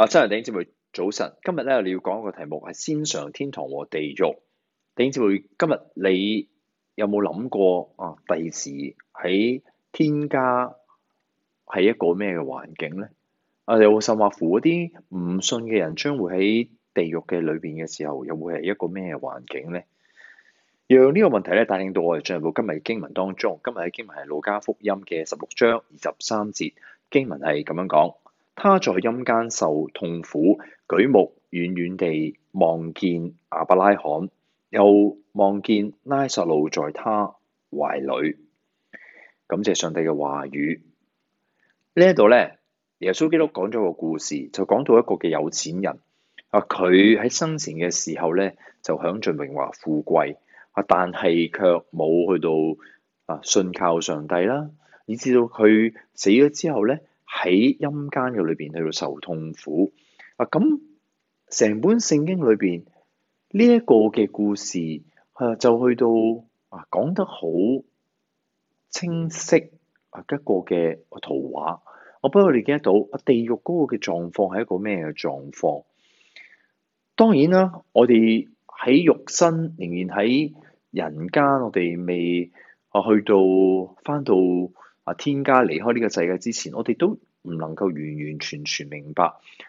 啊，真係弟兄姐妹，早晨。今日咧，我哋要講一個題目係先嚐天堂和地獄。弟兄姐妹，今日你有冇諗過啊？第時喺天家係一個咩嘅環境咧？啊，又、啊、甚或乎啲唔信嘅人將會喺地獄嘅裏邊嘅時候，又會係一個咩環境咧？讓呢個問題咧，帶領到我哋進入到今日嘅經文當中。今日嘅經文係路加福音嘅十六章二十三節，經文係咁樣講。他在陰間受痛苦，舉目遠遠地望見亞伯拉罕，又望見拉撒路在他懷裏。感謝上帝嘅話語。呢一度咧，耶穌基督講咗個故事，就講到一個嘅有錢人啊，佢喺生前嘅時候咧就享盡榮華富貴啊，但係卻冇去到啊信靠上帝啦，以至到佢死咗之後咧。喺陰間嘅裏邊喺度受痛苦啊！咁成本聖經裏邊呢一個嘅故事，誒、啊、就去到啊講得好清晰啊一個嘅圖畫，我不過我哋記得到啊地獄嗰個嘅狀況係一個咩嘅狀況？當然啦，我哋喺肉身仍然喺人間，我哋未啊去到翻到。啊！天家離開呢個世界之前，我哋都唔能夠完完全全明白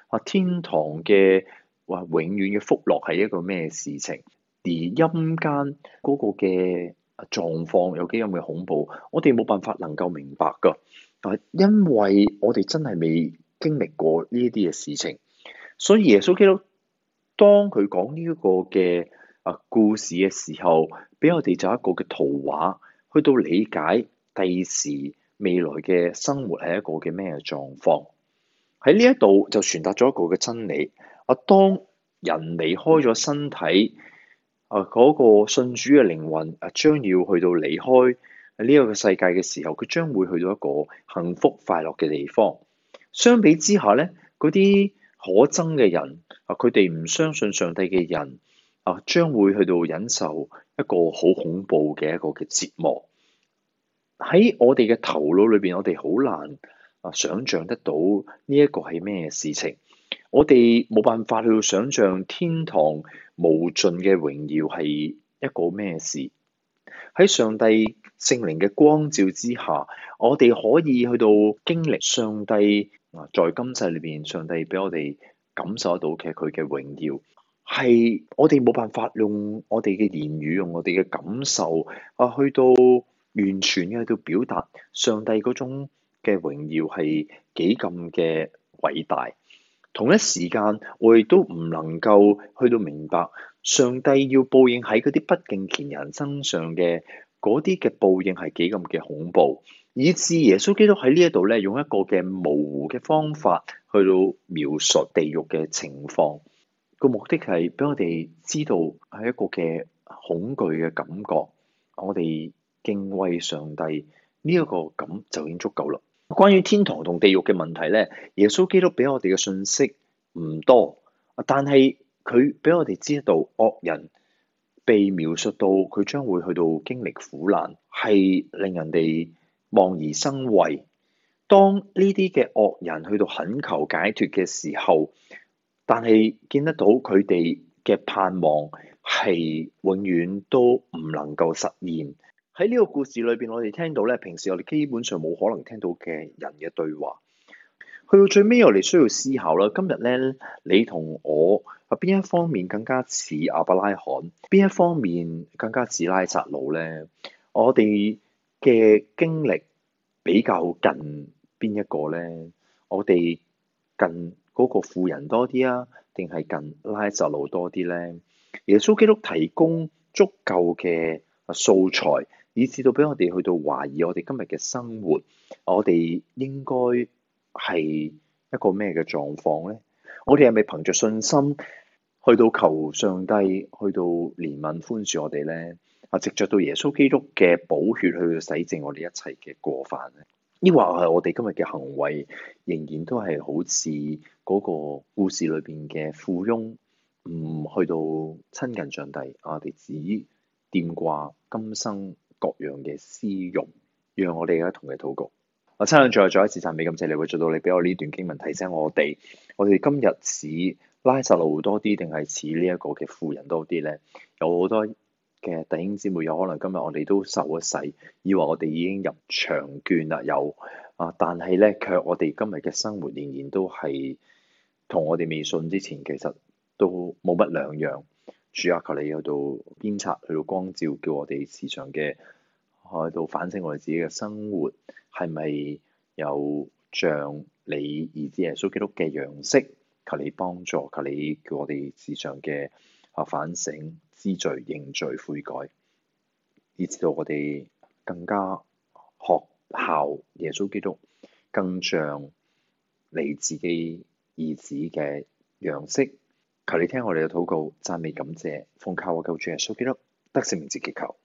啊！天堂嘅話、啊、永遠嘅福樂係一個咩事情，而陰間嗰個嘅狀況有幾咁嘅恐怖，我哋冇辦法能夠明白噶。但、啊、係因為我哋真係未經歷過呢一啲嘅事情，所以耶穌基督當佢講呢一個嘅啊故事嘅時候，俾我哋就一個嘅圖畫，去到理解第時。未來嘅生活係一個嘅咩狀況？喺呢一度就傳達咗一個嘅真理。啊，當人離開咗身體啊，嗰個信主嘅靈魂啊，將要去到離開呢一個世界嘅時候，佢將會去到一個幸福快樂嘅地方。相比之下咧，嗰啲可憎嘅人啊，佢哋唔相信上帝嘅人啊，將會去到忍受一個好恐怖嘅一個嘅折磨。喺我哋嘅頭腦裏邊，我哋好難啊想象得到呢一個係咩事情。我哋冇辦法去想象天堂無盡嘅榮耀係一個咩事。喺上帝聖靈嘅光照之下，我哋可以去到經歷上帝啊，在今世裏邊，上帝俾我哋感受得到嘅佢嘅榮耀，係我哋冇辦法用我哋嘅言語、用我哋嘅感受啊去到。完全嘅去到表達上帝嗰種嘅榮耀係幾咁嘅偉大，同一時間我亦哋都唔能夠去到明白上帝要報應喺嗰啲不敬虔人身上嘅嗰啲嘅報應係幾咁嘅恐怖，以至耶穌基督喺呢一度咧，用一個嘅模糊嘅方法去到描述地獄嘅情況，個目的係俾我哋知道係一個嘅恐懼嘅感覺，我哋。敬畏上帝呢一個噉就已經足夠啦。關於天堂同地獄嘅問題咧，耶穌基督俾我哋嘅信息唔多，但係佢俾我哋知道惡人被描述到佢將會去到經歷苦難，係令人哋望而生畏。當呢啲嘅惡人去到懇求解脫嘅時候，但係見得到佢哋嘅盼望係永遠都唔能夠實現。喺呢個故事裏邊，我哋聽到咧，平時我哋基本上冇可能聽到嘅人嘅對話。去到最尾，我哋需要思考啦。今日咧，你同我啊，邊一方面更加似亞伯拉罕，邊一方面更加似拉撒路咧？我哋嘅經歷比較近邊一個咧？我哋近嗰個富人多啲啊，定係近拉撒路多啲咧？耶穌基督提供足夠嘅素材。以至到俾我哋去到懷疑，我哋今日嘅生活，我哋應該係一個咩嘅狀況咧？我哋係咪憑着信心去到求上帝，去到憐憫寬恕我哋咧？啊，藉著到耶穌基督嘅寶血去洗淨我哋一切嘅過犯咧？抑或係我哋今日嘅行為仍然都係好似嗰個故事裏邊嘅富翁，唔去到親近上帝，我哋只掂掛今生。各樣嘅私欲，讓我哋而家同佢禱告。我親信再再一次讚美、感謝你，會做到你俾我呢段經文提醒我哋，我哋今日似拉撒路多啲，定係似呢一個嘅富人多啲咧？有好多嘅弟兄姊妹，有可能今日我哋都受咗洗，以為我哋已經入場券啦，有啊，但係咧，卻我哋今日嘅生活仍然都係同我哋未信之前，其實都冇乜兩樣。主啊，求你去到鞭策，去到光照，叫我哋時常嘅去到反省我哋自己嘅生活，係咪有像你兒子耶穌基督嘅樣式？求你幫助，求你叫我哋時常嘅啊反省、知罪、認罪、悔改，以至到我哋更加學效耶穌基督，更像你自己兒子嘅樣式。求你聽我哋嘅禱告，讚美感謝，奉靠我救主耶穌基督，S S o B L、o, 得勝名字祈求。